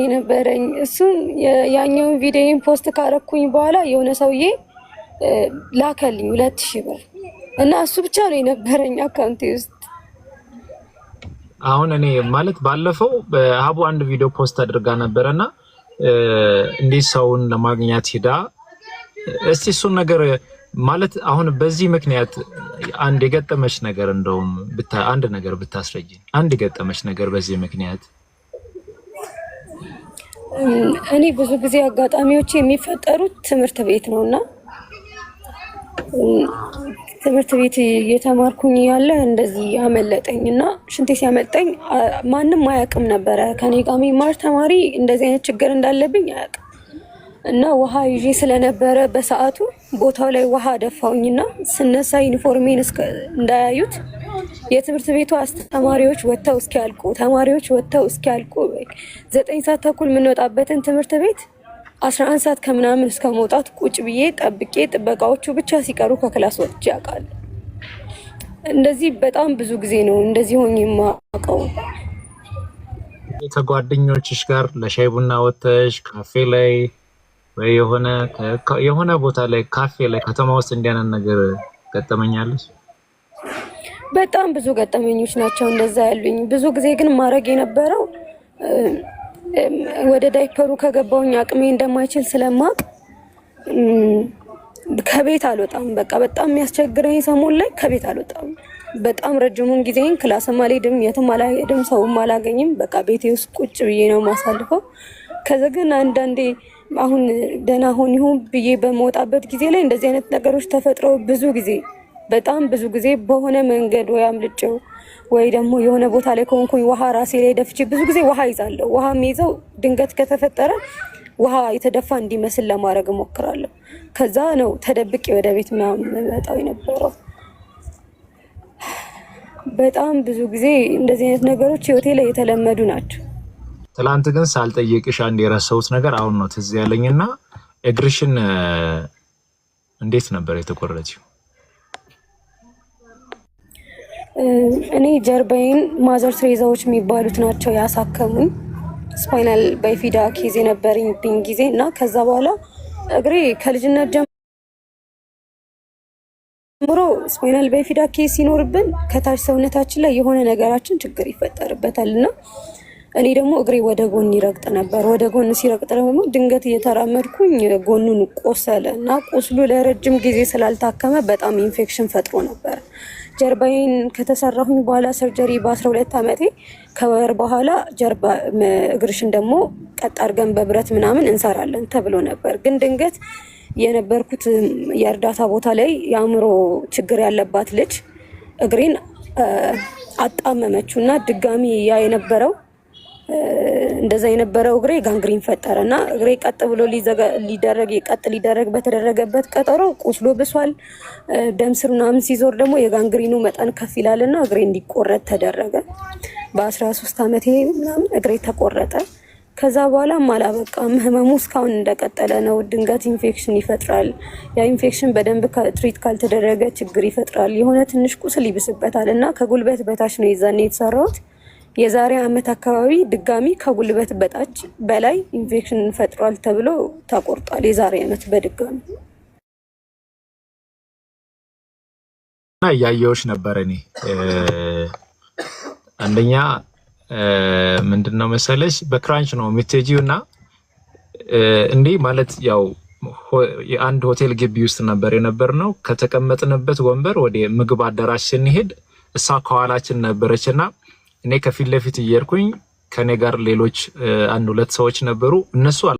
የነበረኝ እሱም ያኛውን ቪዲዮን ፖስት ካረኩኝ በኋላ የሆነ ሰውዬ ላከልኝ ሁለት ሺህ ብር እና እሱ ብቻ ነው የነበረኝ አካውንቴ ውስጥ። አሁን እኔ ማለት ባለፈው በሀቡ አንድ ቪዲዮ ፖስት አድርጋ ነበረ እና እንዲህ ሰውን ለማግኘት ሂዳ እስቲ እሱን ነገር ማለት አሁን በዚህ ምክንያት አንድ የገጠመች ነገር እንደውም አንድ ነገር ብታስረጅኝ አንድ የገጠመች ነገር በዚህ ምክንያት እኔ ብዙ ጊዜ አጋጣሚዎች የሚፈጠሩት ትምህርት ቤት ነው እና ትምህርት ቤት እየተማርኩኝ ያለ እንደዚህ ያመለጠኝ እና ሽንቴ ሲያመልጠኝ ማንም አያውቅም ነበረ። ከኔ ጋር የሚማር ተማሪ እንደዚህ አይነት ችግር እንዳለብኝ አያውቅም እና ውሃ ይዤ ስለነበረ በሰዓቱ ቦታው ላይ ውሃ እና ስነሳ ዩኒፎርሜን እንዳያዩት የትምህርት ቤቱ አስተማሪዎች ወጥተው እስኪያልቁ ተማሪዎች ወጥተው እስኪያልቁ ዘጠኝ ሰዓት ተኩል የምንወጣበትን ትምህርት ቤት አስራ አንድ ሰዓት ከምናምን እስከ መውጣት ቁጭ ብዬ ጠብቄ ጥበቃዎቹ ብቻ ሲቀሩ ከክላስ ወጥቼ ያውቃል። እንደዚህ በጣም ብዙ ጊዜ ነው እንደዚህ ሆኜ የማውቀው። ከጓደኞችሽ ጋር ለሻይ ቡና ወጥተሽ ካፌ ላይ ወይ የሆነ ቦታ ላይ ካፌ ላይ ከተማ ውስጥ እንዲያነን ነገር ገጠመኛለች። በጣም ብዙ ገጠመኞች ናቸው እንደዛ ያሉኝ። ብዙ ጊዜ ግን ማድረግ የነበረው ወደ ዳይፐሩ ከገባውኝ አቅሜ እንደማይችል ስለማቅ ከቤት አልወጣም። በቃ በጣም የሚያስቸግረኝ ሰሞን ላይ ከቤት አልወጣም። በጣም ረጅሙን ጊዜን ክላስም አልሄድም፣ የትም አላሄድም፣ ሰውም አላገኝም። በቃ ቤቴ ውስጥ ቁጭ ብዬ ነው ማሳልፈው። ከዚ ግን አንዳንዴ አሁን ደህና ሆን ይሁን ብዬ በመወጣበት ጊዜ ላይ እንደዚህ አይነት ነገሮች ተፈጥረው ብዙ ጊዜ በጣም ብዙ ጊዜ በሆነ መንገድ ወይ አምልጬው ወይ ደግሞ የሆነ ቦታ ላይ ከሆንኩኝ ውሃ ራሴ ላይ ደፍቼ ብዙ ጊዜ ውሃ ይዛለሁ። ውሃ የሚይዘው ድንገት ከተፈጠረ ውሃ የተደፋ እንዲመስል ለማድረግ እሞክራለሁ። ከዛ ነው ተደብቄ ወደ ቤት መጣው የነበረው። በጣም ብዙ ጊዜ እንደዚህ አይነት ነገሮች ህይወቴ ላይ የተለመዱ ናቸው። ትላንት ግን ሳልጠየቅሽ አንድ የረሳሁት ነገር አሁን ነው ትዝ ያለኝና እግርሽን እንዴት ነበር የተቆረጠው? እኔ ጀርባዬን ማዘር ትሬዛዎች የሚባሉት ናቸው ያሳከሙኝ። ስፓይናል ባይፊዳ ኬዝ የነበረብኝ ጊዜ እና ከዛ በኋላ እግሬ ከልጅነት ጀምሮ ስፓይናል ባይፊዳ ኬዝ ሲኖርብን ከታች ሰውነታችን ላይ የሆነ ነገራችን ችግር ይፈጠርበታል እና እኔ ደግሞ እግሬ ወደ ጎን ይረግጥ ነበር። ወደ ጎን ሲረግጥ ደግሞ ድንገት እየተራመድኩኝ ጎኑን ቆሰለ እና ቁስሉ ለረጅም ጊዜ ስላልታከመ በጣም ኢንፌክሽን ፈጥሮ ነበር። ጀርባዬን ከተሰራሁኝ በኋላ ሰርጀሪ በ12 ዓመቴ ከወር በኋላ ጀርባ እግርሽን ደግሞ ቀጥ አድርገን በብረት ምናምን እንሰራለን ተብሎ ነበር። ግን ድንገት የነበርኩት የእርዳታ ቦታ ላይ የአእምሮ ችግር ያለባት ልጅ እግሬን አጣመመችው እና ድጋሚ ያ የነበረው እንደዛ የነበረው እግሬ ጋንግሪን ፈጠረ እና እግሬ ቀጥ ብሎ ሊደረግ ቀጥ ሊደረግ በተደረገበት ቀጠሮ ቁስሎ ብሷል። ደም ስር ምናምን ሲዞር ደግሞ የጋንግሪኑ መጠን ከፍ ይላል እና እግሬ እንዲቆረጥ ተደረገ። በ 13 ዓመቴ ምናምን እግሬ ተቆረጠ። ከዛ በኋላም አላበቃም። ህመሙ እስካሁን እንደቀጠለ ነው። ድንገት ኢንፌክሽን ይፈጥራል። ያ ኢንፌክሽን በደንብ ትሪት ካልተደረገ ችግር ይፈጥራል። የሆነ ትንሽ ቁስል ይብስበታል እና ከጉልበት በታች ነው የዛኔ የተሰራሁት የዛሬ ዓመት አካባቢ ድጋሚ ከጉልበት በታች በላይ ኢንፌክሽን ፈጥሯል ተብሎ ተቆርጧል። የዛሬ ዓመት በድጋሚ እና እያየሁሽ ነበር። እኔ አንደኛ ምንድን ነው መሰለሽ በክራንች ነው የምትሄጂው እና እንዲህ ማለት ያው የአንድ ሆቴል ግቢ ውስጥ ነበር የነበር ነው ከተቀመጥንበት ወንበር ወደ ምግብ አዳራሽ ስንሄድ እሷ ከኋላችን ነበረች እና እኔ ከፊት ለፊት እየርኩኝ ከእኔ ጋር ሌሎች አንድ ሁለት ሰዎች ነበሩ። እነሱ